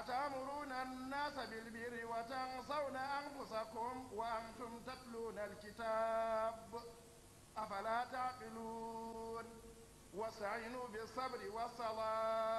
أتأمرون الناس بالبر وتنسون أنفسكم وأنتم تتلون الكتاب أفلا تعقلون واستعينوا بالصبر والصلاة